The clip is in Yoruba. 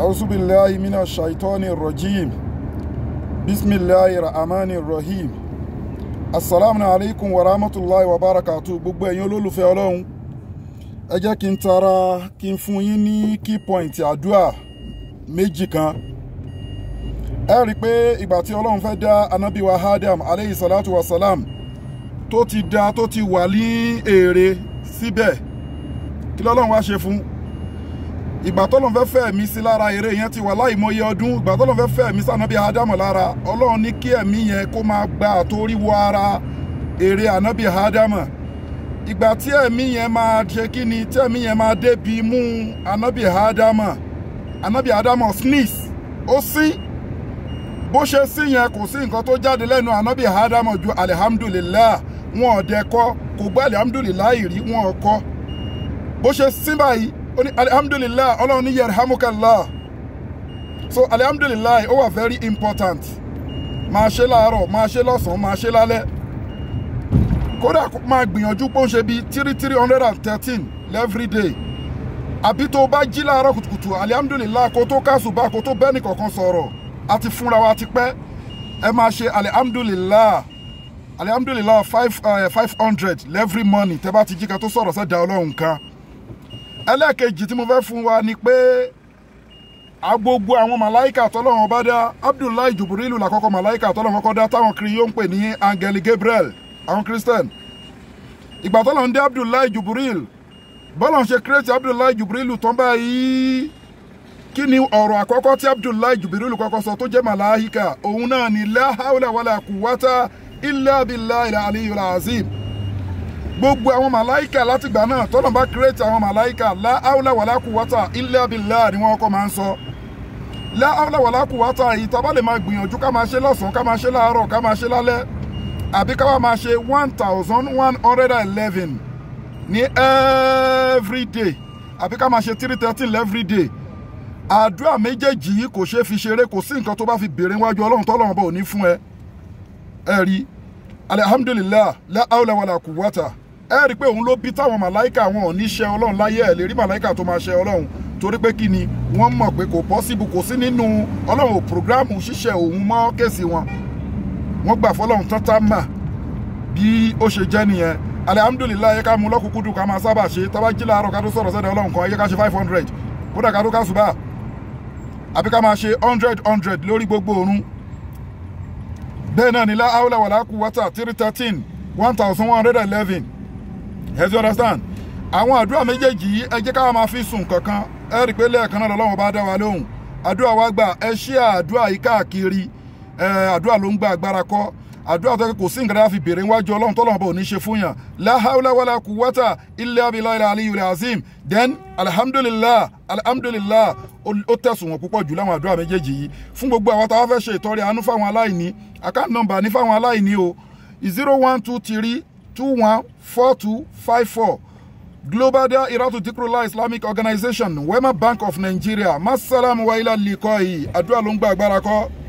أعوذ بالله من الشيطان الرجيم بسم الله الرحمن الرحيم assalamu alaikum wa rahmatulahi wa barakatu gbogbo ẹ̀yin olólùfẹ́ ọlọ́run ẹ jẹ́ kí n tara kí n fún yín ní key point àdúrà méjì kan ẹ rí i pé ìgbà tí ọlọ́run fẹ́ dá anabi wa adam aleyhi salatu wa salam tó ti dá tó ti wà ní èrè síbẹ̀ kí lọ́lọ́run wá ṣe fún ìgbà tọ́lọ́n fẹ́ fẹ́ mi sí lára eré yẹn ti wà láìmọye ọdún ìgbà tọ́lọ́n fẹ́ fẹ́ mi sànàbí ádámù lára ọlọ́run ní kí ẹ̀mí yẹn kó máa gba àtórí wọ ara eré ànábì ádámù ìgbà tí ẹ̀mí yẹn máa ṣe kí ni tí ẹ̀mí yẹn máa débi mú ànábì ádámù ànábì ádámù sneeze ó sí bó ṣe sí yẹn kò sí nǹkan tó jáde lẹ́nu ànábì ádámù ju alihamudulilayi wọn ò dẹ́kọ́ kò gbọ́ alihamudulilayi rí wọn ò kọ́ bó ṣe sí báyìí ó ní alihamudulilayi ọlọ́run ní yarhamukallah so alihamudulilayi ó wà very important máa ṣe láàárọ̀ máa ṣe lọ́sàn-án máa ṣe lálẹ́ kódà máa gbìyànjú pé ó ń ṣe bíi three three hundred and thirteen every day àbí tó bá jí láàárọ̀ kùtùkùtù alihamudulilayi kó tó kásùbà kó tó bẹ́ẹ̀ nìkọ̀ọ̀kan sọ̀rọ̀ àti fúnra wa ti pẹ́ ẹ máa ṣe alihamudulilayi alihamudulilayi five eh, five hundred every morning tẹ́ bá ti jí ká tó sọ̀rọ̀ sẹ́dá ọlọ́run kan ẹlẹ́ẹ̀kejì tí mo fẹ́ fún wa ni pé agbogbo àwọn màláìkà tọ́lọ́wọ́n bá dá Abdullahi Jubrilu làkọ́kọ́ màláìkà tọ́lọ́wọ́n kọ́ dá táwọn kiri yóò ń pè ní angeli Gabriel àwọn Christian ìgbà tọ́lọ́ ń dé Abdullahi Jubril bọ́lọ̀ ń ṣe kírètì Abdullahi Jubrilu tán báyìí kí ni ọ̀rọ̀ àkọ́kọ́ tí Abdullahi Jubrilu kọ́kọ́ sọ tó jẹ́ màláìkà òun náà ni la hawla wala quwwata illa billahi azim gbogbo àwọn màláìkà látìgbà náà tọ́nà bá kírètì àwọn màláìkà láàúlà wàlá kùwátà illa billah ni wọ́n kọ́ máa ń sọ láàúlà wàlá kùwátà yìí tá bá lè máa gbìyànjú ká máa ṣe lọ́sàn-án ká máa ṣe láàárọ̀ ká máa ṣe lálẹ́ àbí ká wá máa ṣe one thousand one hundred and eleven ní every day àbí ká máa ṣe three thirteen every day àdúrà méjèèjì yìí kò ṣeé fi ṣeré kò sí nǹkan tó bá fi béèrè wájú ọlọ́run tọ́lọ́run la aula wala kuwata ẹ rí i pé òun ló bí táwọn màláìkà wọn ò ní ṣe ọlọ́run láyé ẹ̀ lè rí màláìkà tó máa ṣe ọlọ́run torí pé kí ni wọ́n mọ̀ pé kò pọ́síbù kò sí nínú ọlọ́run ò programu ṣíṣe òun mọ́ kéèsì wọn wọ́n gbà fọlọ́run tán mà bí ó ṣe jẹ́ nìyẹn alihamudulilayi ẹ ká mú lọ́kùnkúndùn ká máa sábà ṣe tábà jí láàárọ̀ ká tó sọ̀rọ̀ sẹ́dẹ̀ ọlọ́run kan ẹ jẹ́ you understand àwọn àdúrà méjèèjì yìí ẹ jẹ́ káwọn máa fi sùn kankan ẹ rí i pé lẹ́ẹ̀kan náà lọ́wọ́ bá dá wa lóhùn àdúrà wa gbà ẹ ṣí àdúrà yìí káàkiri ẹ àdúrà ló ń gba agbára kọ́ àdúrà tó kò sí nǹkan tá a fi béèrè wájú ọlọ́run tọ́lọ́run bá ò ní ṣe fún yàn láhàúlà wàlà kùwátà ilé abilá ilà aliyu rẹ̀ Azim. then alhamdulillah alhamdulillah ó tẹ̀sùn wọn púpọ̀ jù láwọn àdúrà méjèèjì yìí fún gbogbo àwọn táwọn fẹ́ ṣe ìtọrẹ àánú fáwọn aláìní account number ní fáwọn aláìní o zero one two three two one four two five four global dahiratu dhikrlahi islamic Organisation, wema bank of nigeria masalamu wa ilà likọ́ yìí àdúrà ló ń